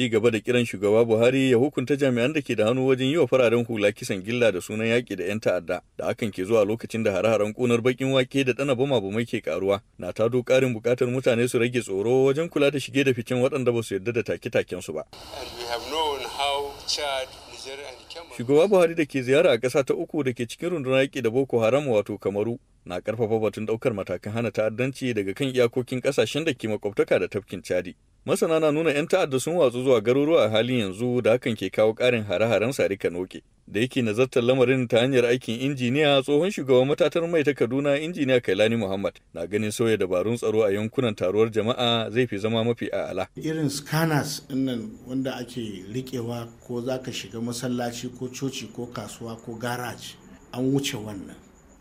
ci gaba da kiran shugaba Buhari ya hukunta jami'an da ke da hannu wajen yi wa fararen hula kisan gilla da sunan yaƙi da 'yan ta'adda da hakan ke zuwa lokacin da hare-haren ƙunar bakin wake da ɗana bama bumai ke karuwa na tado ƙarin buƙatar mutane su rage tsoro wajen kula da shige da ficen waɗanda ba su yarda da take-taken su ba. Shugaba Buhari da ke ziyara a ƙasa ta uku da ke cikin rundunar yaƙi da Boko Haram wato Kamaru na ƙarfafa batun ɗaukar matakan hana ta'addanci daga kan iyakokin ƙasashen da ke makwabtaka da tafkin Chadi. Masana na nuna 'yan ta'adda sun watsu zuwa garuruwa a halin yanzu da hakan ke kawo ƙarin hare-haren sarika noke. Da yake nazartar lamarin ta hanyar aikin injiniya tsohon shugaban matatar mai ta Kaduna injiniya Kailani Muhammad na ganin sauya dabarun tsaro a yankunan taruwar jama'a zai fi zama mafi a'ala. Irin scanners nan wanda ake riƙewa ko za ka shiga masallaci ko coci ko kasuwa ko garage an wuce wannan.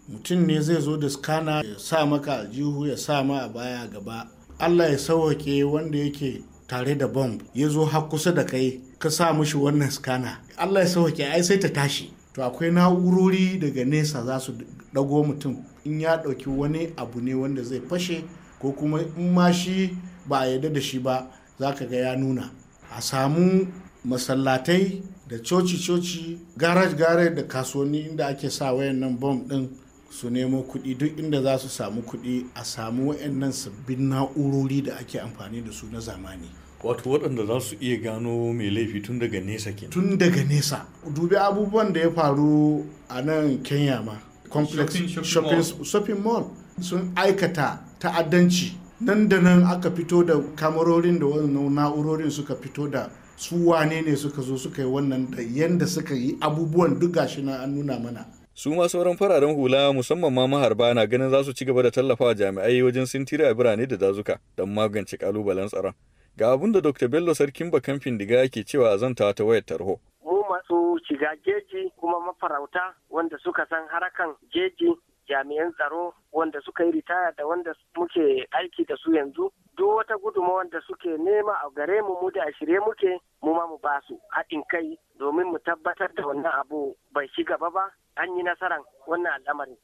Mutum ne zai zo da scanner ya sa maka jihu ya sa ma a baya gaba allah ya sauwake wanda yake tare da bomb ya zo har kusa da kai ka sa mushi wannan skana allah ya sauwake ai sai ta tashi to akwai na'urori daga nesa za su dago mutum in ya ɗauki wani abu ne wanda zai fashe ko kuma in ma shi ba a yarda da shi ba za ka ga ya nuna a samu masallatai da coci-coci garaj-garaj da kasuwanni inda ake sa wayannan nan bom ɗin su nemo kuɗi duk inda za su samu kuɗi a samu waɗannan sabbin na'urori da ake amfani da su na zamani wato waɗanda za su iya gano mai laifi tun daga nesa ke tun daga nesa dubi abubuwan da ya faru a nan kenya ma complex shopping mall sun aikata ta'addanci nan da nan aka fito da kamarorin da wannan na'urorin suka fito da su wane ne suka zo suka yi wannan da yadda suka yi abubuwan duk gashi na an nuna mana su ma sauran fararen hula musamman ma maharba na ganin za su ci gaba da tallafa jami'ai wajen sintiri a birane da dazuka don magance kalubalen tsaron ga abin da dr bello sarkin bakan diga ke cewa a zanta ta wayar tarho mu masu shiga jeji kuma mafarauta wanda suka san harakan jeji jami'an tsaro wanda suka yi ritaya da wanda muke aiki da su yanzu duk wata guduma wanda suke nema a gare mu mu da ashirye muke mu ma mu ba su haɗin kai domin mu tabbatar da wannan abu bai ci gaba ba an yi nasaran wannan al'amarin.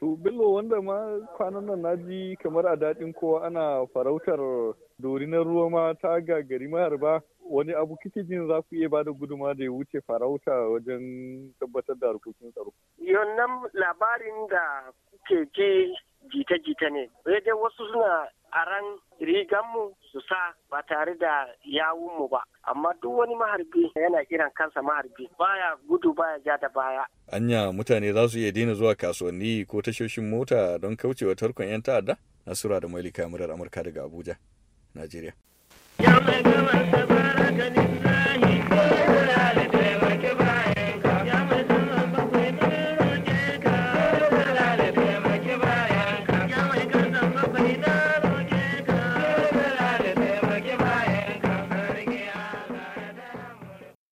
To Bello wanda ma kwanan nan naji kamar a daɗin kowa ana farautar dorinar ruwa ma ta gagari ba wani abu kike jin za ku iya bada guduma da ya wuce farauta wajen tabbatar da harkokin tsaro. Yannan labarin da kuke ji jita-jita ne. dai wasu suna aran riganmu su sa ba tare da yawunmu ba. Amma duk wani maharbi yana kiran kansa maharbi baya gudu baya ja da baya. Anya mutane za su iya daina zuwa kasuwanni ko tashoshin mota don kaucewa tarkon 'yan ta'adda? Nasura da Mailika murar Amurka daga Abuja, Najeriya.